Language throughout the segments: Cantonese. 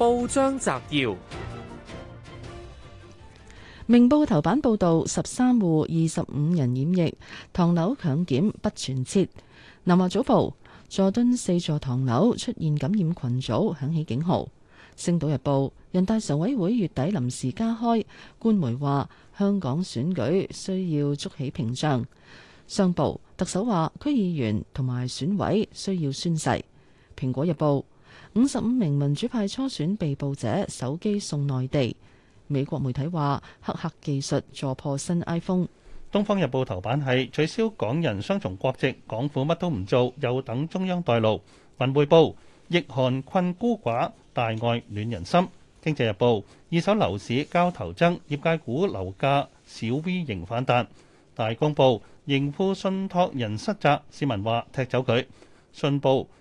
報章摘要：明報頭版報道，十三戶二十五人染疫，唐樓強檢不全徹。南華早報：佐敦四座唐樓出現感染群組，響起警號。星島日報：人大常委會月底臨時加開。官媒話：香港選舉需要築起屏障。商報：特首話區議員同埋選委需要宣誓。蘋果日報。五十五名民主派初選被捕者手機送內地。美國媒體話黑客技術助破新 iPhone。《東方日報》頭版係取消港人雙重國籍，港府乜都唔做，又等中央代勞。《文匯報》疫寒困孤寡，大愛暖人心。《經濟日報》二手樓市交投增，業界估樓價小 V 型反彈。《大公報》盈富信託人失責，市民話踢走佢。《信報》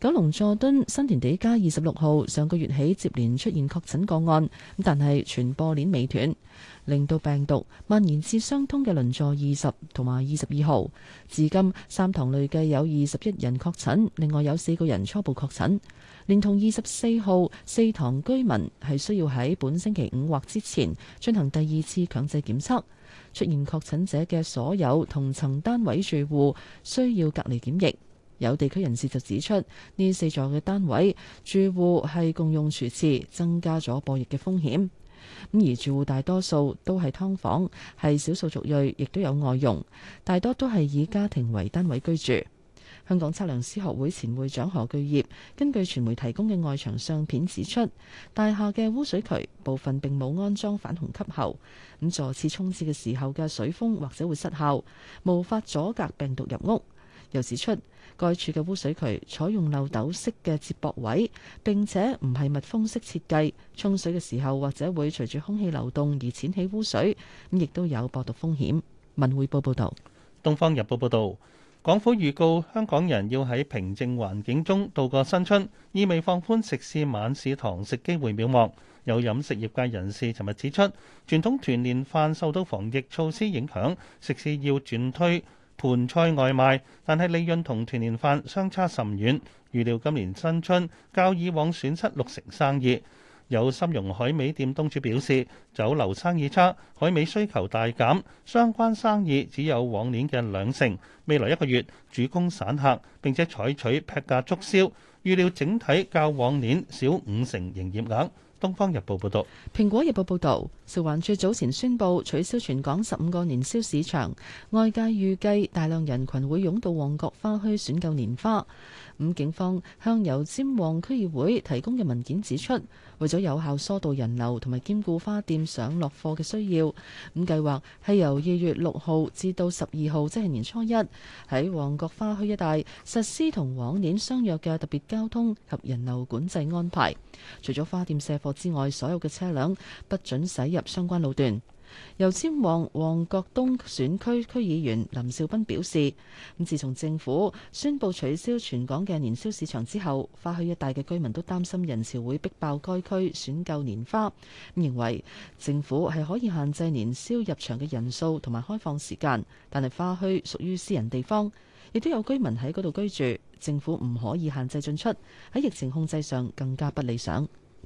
九龍佐敦新田地街二十六號上個月起接連出現確診個案，但係傳播鏈未斷，令到病毒蔓延至相通嘅鄰座二十同埋二十二號，至今三堂累計有二十一人確診，另外有四個人初步確診，連同二十四號四堂居民係需要喺本星期五或之前進行第二次強制檢測。出現確診者嘅所有同層單位住戶需要隔離檢疫。有地區人士就指出，呢四座嘅單位住戶係共用廚廁，增加咗播疫嘅風險。咁而住戶大多數都係劏房，係少數族裔，亦都有外傭，大多都係以家庭為單位居住。香港測量師學會前會長何巨業根據傳媒提供嘅外牆相片指出，大廈嘅污水渠部分並冇安裝反虹吸喉，咁座廁沖廁嘅時候嘅水封或者會失效，無法阻隔病毒入屋。又指出，該處嘅污水渠採用漏斗式嘅接駁位，並且唔係密封式設計，沖水嘅時候或者會隨住空氣流動而濺起污水，咁亦都有播毒風險。文匯報報道。《東方日報》報道，港府預告香港人要喺平靜環境中度過新春，意味放寬食肆晚市堂食機會渺茫。有飲食業界人士尋日指出，傳統團年飯受到防疫措施影響，食肆要轉推盤菜外賣，但係利潤同團年飯相差甚遠。預料今年新春較以往損失六成生意。有深融海味店東主表示，酒樓生意差，海味需求大減，相關生意只有往年嘅兩成。未來一個月主攻散客，並且採取劈價促銷。預料整體較往年少五成營業額。《東方日報，報》報道。蘋果日報》報導。消環署早前宣布，取消全港十五個年宵市場，外界預計大量人群會湧到旺角花墟選購年花。咁警方向由尖旺區議會提供嘅文件指出，為咗有效疏導人流同埋兼顧花店上落貨嘅需要，咁計劃係由二月六號至到十二號即係年初一，喺旺角花墟一帶實施同往年相約嘅特別交通及人流管制安排。除咗花店卸貨之外，所有嘅車輛不准使用。相關路段，油尖旺旺角東選區區議員林兆斌表示，咁自從政府宣布取消全港嘅年宵市場之後，花墟一帶嘅居民都擔心人潮會逼爆該區選購年花，咁認為政府係可以限制年宵入場嘅人數同埋開放時間，但係花墟屬於私人地方，亦都有居民喺嗰度居住，政府唔可以限制進出，喺疫情控制上更加不理想。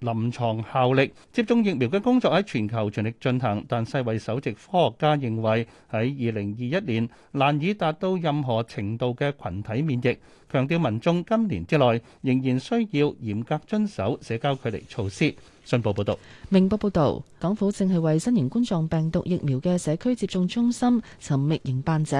臨床效力，接種疫苗嘅工作喺全球全力進行，但世衞首席科學家認為喺二零二一年難以達到任何程度嘅群體免疫，強調民眾今年之內仍然需要嚴格遵守社交距離措施。信報報道，明報報道，港府正係為新型冠狀病毒疫苗嘅社區接種中心尋覓營辦者。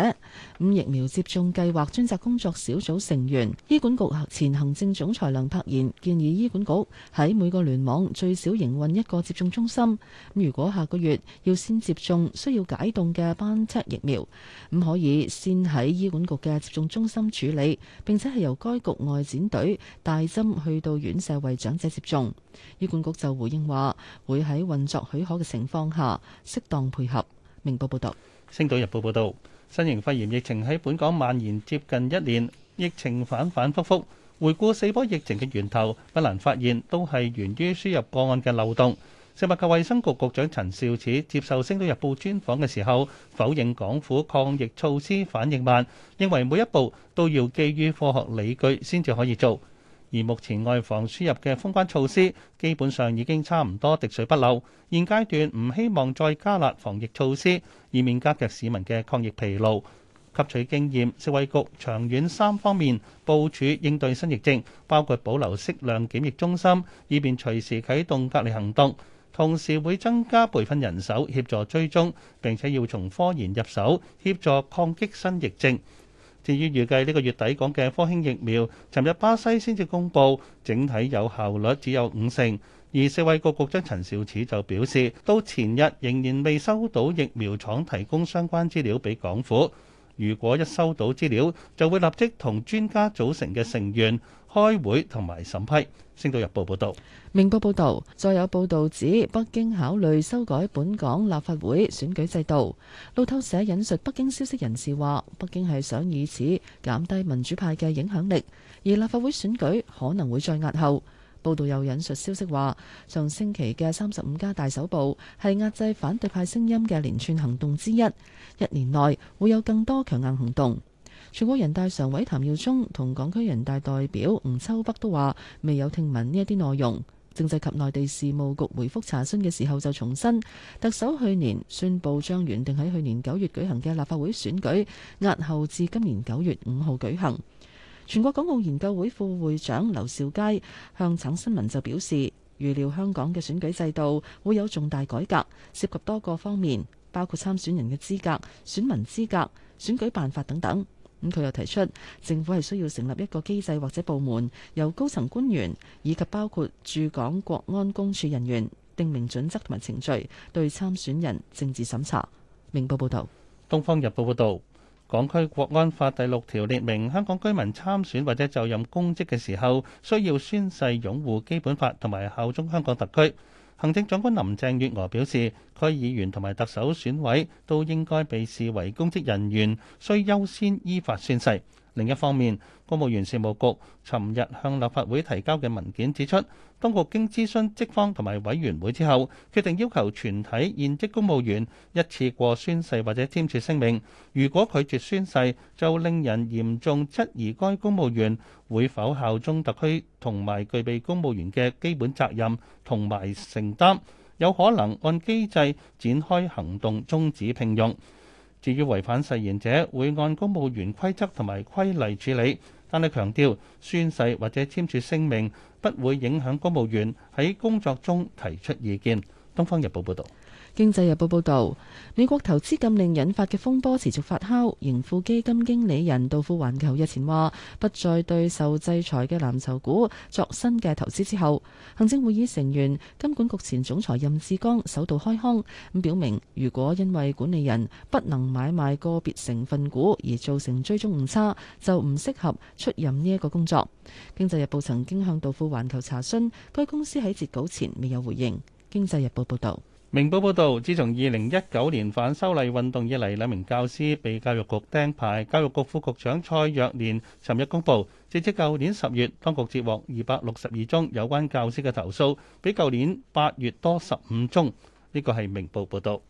咁疫苗接種計劃專責工作小組成員，醫管局前行政總裁梁柏賢建議，醫管局喺每個聯網最少營運一個接種中心。咁如果下個月要先接種需要解凍嘅 BioNTech 疫苗，咁可以先喺醫管局嘅接種中心處理，並且係由該局外展隊帶針去到院舍為長者接種。醫管局就回應話，會喺運作許可嘅情況下，適當配合。明報報道，星島日報報道，新型肺炎疫情喺本港蔓延接近一年，疫情反反復復。回顧四波疫情嘅源頭，不難發現，都係源於輸入個案嘅漏洞。食物及衛生局局長陳肇始接受星島日報專訪嘅時候，否認港府抗疫措施反應慢，認為每一步都要基於科學理據先至可以做。而目前外防輸入嘅封關措施基本上已經差唔多滴水不漏，現階段唔希望再加辣防疫措施，以免加劇市民嘅抗疫疲勞。吸取經驗，食衛局長遠三方面部署應對新疫症，包括保留適量檢疫中心，以便隨時啟動隔離行動；同時會增加培訓人手協助追蹤，並且要從科研入手協助抗擊新疫症。至於預計呢個月底講嘅科興疫苗，尋日巴西先至公布整體有效率只有五成，而食衛局局長陳肇始就表示，到前日仍然未收到疫苗廠提供相關資料俾港府，如果一收到資料，就會立即同專家組成嘅成員開會同埋審批。《星島日報》報導，《明報》報導，再有報導指北京考慮修改本港立法會選舉制度。路透社引述北京消息人士話，北京係想以此減低民主派嘅影響力，而立法會選舉可能會再押後。報導又引述消息話，上星期嘅三十五家大搜捕係壓制反對派聲音嘅連串行動之一，一年內會有更多強硬行動。全國人大常委譚耀宗同港區人大代表吳秋北都話，未有聽聞呢一啲內容。政制及內地事務局回覆查詢嘅時候就重申，特首去年宣布，將原定喺去年九月舉行嘅立法會選舉押後至今年九月五號舉行。全國港澳研究會副會長劉兆佳向橙新聞就表示，預料香港嘅選舉制度會有重大改革，涉及多個方面，包括參選人嘅資格、選民資格、選舉辦法等等。佢又提出，政府係需要成立一個機制或者部門，由高層官員以及包括駐港國安公署人員訂明準則同埋程序，對參選人政治審查。明報報導，東方日報報導，港區國安法第六條列明，香港居民參選或者就任公職嘅時候，需要宣誓擁護基本法同埋效忠香港特區。行政長官林鄭月娥表示，區議員同埋特首選委都應該被視為公職人員，需優先依法宣誓。另一方面，公務員事務局尋日向立法會提交嘅文件指出。當局經諮詢職方同埋委員會之後，決定要求全體現職公務員一次過宣誓或者簽署聲明。如果拒絕宣誓，就令人嚴重質疑該公務員會否效忠特區，同埋具備公務員嘅基本責任，同埋承擔。有可能按機制展開行動，終止聘用。至於違反誓言者，會按公務員規則同埋規例處理。但係強調，宣誓或者簽署聲明，不會影響公務員喺工作中提出意見。東方日報報道。經濟日報報導，美國投資禁令引發嘅風波持續發酵。盈富基金經理人道富環球日前話，不再對受制裁嘅藍籌股作新嘅投資。之後，行政會議成員金管局前總裁任志剛首度開腔，咁表明，如果因為管理人不能買賣個別成分股而造成追蹤誤差，就唔適合出任呢一個工作。經濟日報曾經向道富環球查詢，該公司喺截稿前未有回應。經濟日報報導。明報報導，自從二零一九年反修例運動以嚟，兩名教師被教育局釘牌。教育局副局長蔡若蓮尋日公布，截至舊年十月，當局接獲二百六十二宗有關教師嘅投訴，比舊年八月多十五宗。呢個係明報報導。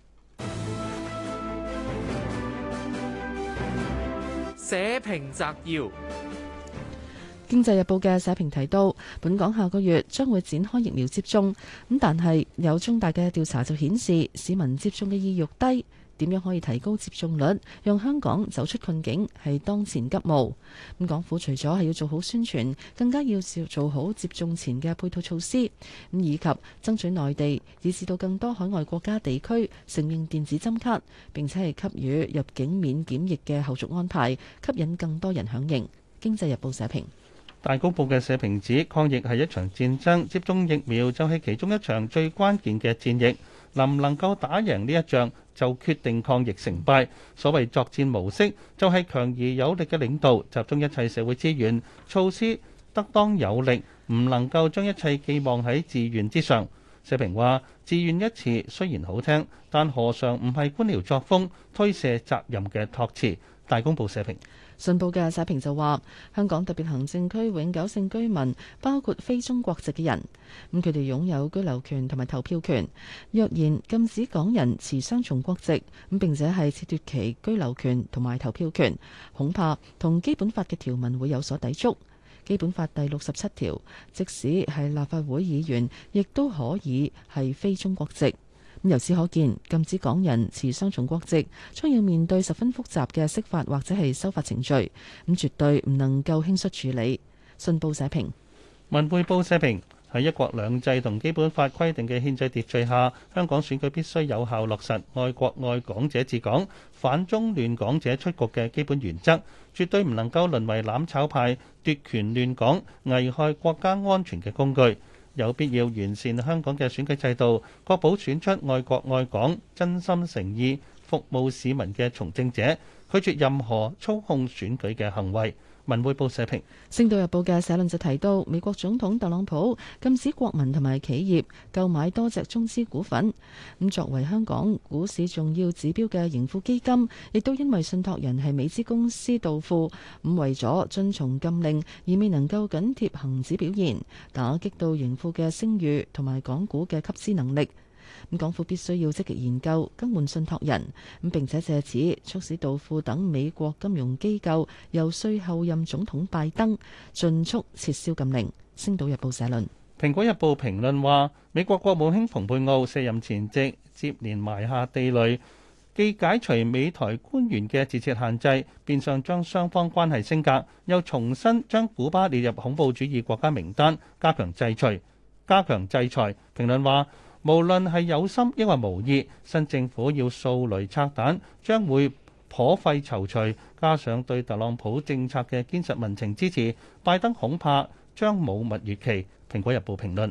社評摘要。《經濟日報》嘅社評提到，本港下個月將會展開疫苗接種，咁但係有中大嘅調查就顯示市民接種嘅意欲低，點樣可以提高接種率，讓香港走出困境，係當前急務。咁港府除咗係要做好宣傳，更加要做好接種前嘅配套措施，咁以及爭取內地，以至到更多海外國家地區承認電子針卡，並且係給予入境免檢疫嘅後續安排，吸引更多人響應。《經濟日報》社評。大公報嘅社評指抗疫係一場戰爭，接種疫苗就係其中一場最關鍵嘅戰役，能唔能夠打贏呢一仗就決定抗疫成敗。所謂作戰模式就係強而有力嘅領導，集中一切社會資源，措施得當有力，唔能夠將一切寄望喺自願之上。社評話：自願一詞雖然好聽，但何嘗唔係官僚作風推卸責任嘅託詞？大公報社評。信報嘅社評就話：香港特別行政區永久性居民包括非中國籍嘅人，咁佢哋擁有居留權同埋投票權。若然禁止港人持雙重國籍，咁並且係褫奪其居留權同埋投票權，恐怕同基本法嘅條文會有所抵觸。基本法第六十七條，即使係立法會議員，亦都可以係非中國籍。由此可見，禁止港人持雙重國籍，將要面對十分複雜嘅釋法或者係修法程序，咁絕對唔能夠輕率處理。信報社評。文匯報社評，喺一國兩制同基本法規定嘅憲制秩序下，香港選舉必須有效落實愛國愛港者治港、反中亂港者出局嘅基本原則，絕對唔能夠淪為攬炒派奪權亂港、危害國家安全嘅工具。有必要完善香港嘅選舉制度，確保選出愛國愛港、真心誠意服務市民嘅從政者，拒絕任何操控選舉嘅行為。文匯報社評，《星島日報》嘅社論就提到，美國總統特朗普禁止國民同埋企業購買多隻中資股份。咁作為香港股市重要指標嘅盈富基金，亦都因為信託人係美資公司道富，咁為咗遵從禁令而未能夠緊貼恒指表現，打擊到盈富嘅聲譽同埋港股嘅吸資能力。咁，港府必須要積極研究更換信託人咁，並且藉此促使道富等美國金融機構由隨後任總統拜登盡速撤銷禁令。《星島日報》社論。《蘋果日報》評論話：美國國務卿蓬佩奧卸任前夕，接連埋下地雷，既解除美台官員嘅自設限制，變相將雙方關係升格，又重新將古巴列入恐怖主義國家名單，加強制裁。加強制裁。評論話，無論係有心抑或無意，新政府要掃雷拆彈將會頗費躊躇，加上對特朗普政策嘅堅實民情支持，拜登恐怕將冇蜜月期。《蘋果日報》評論。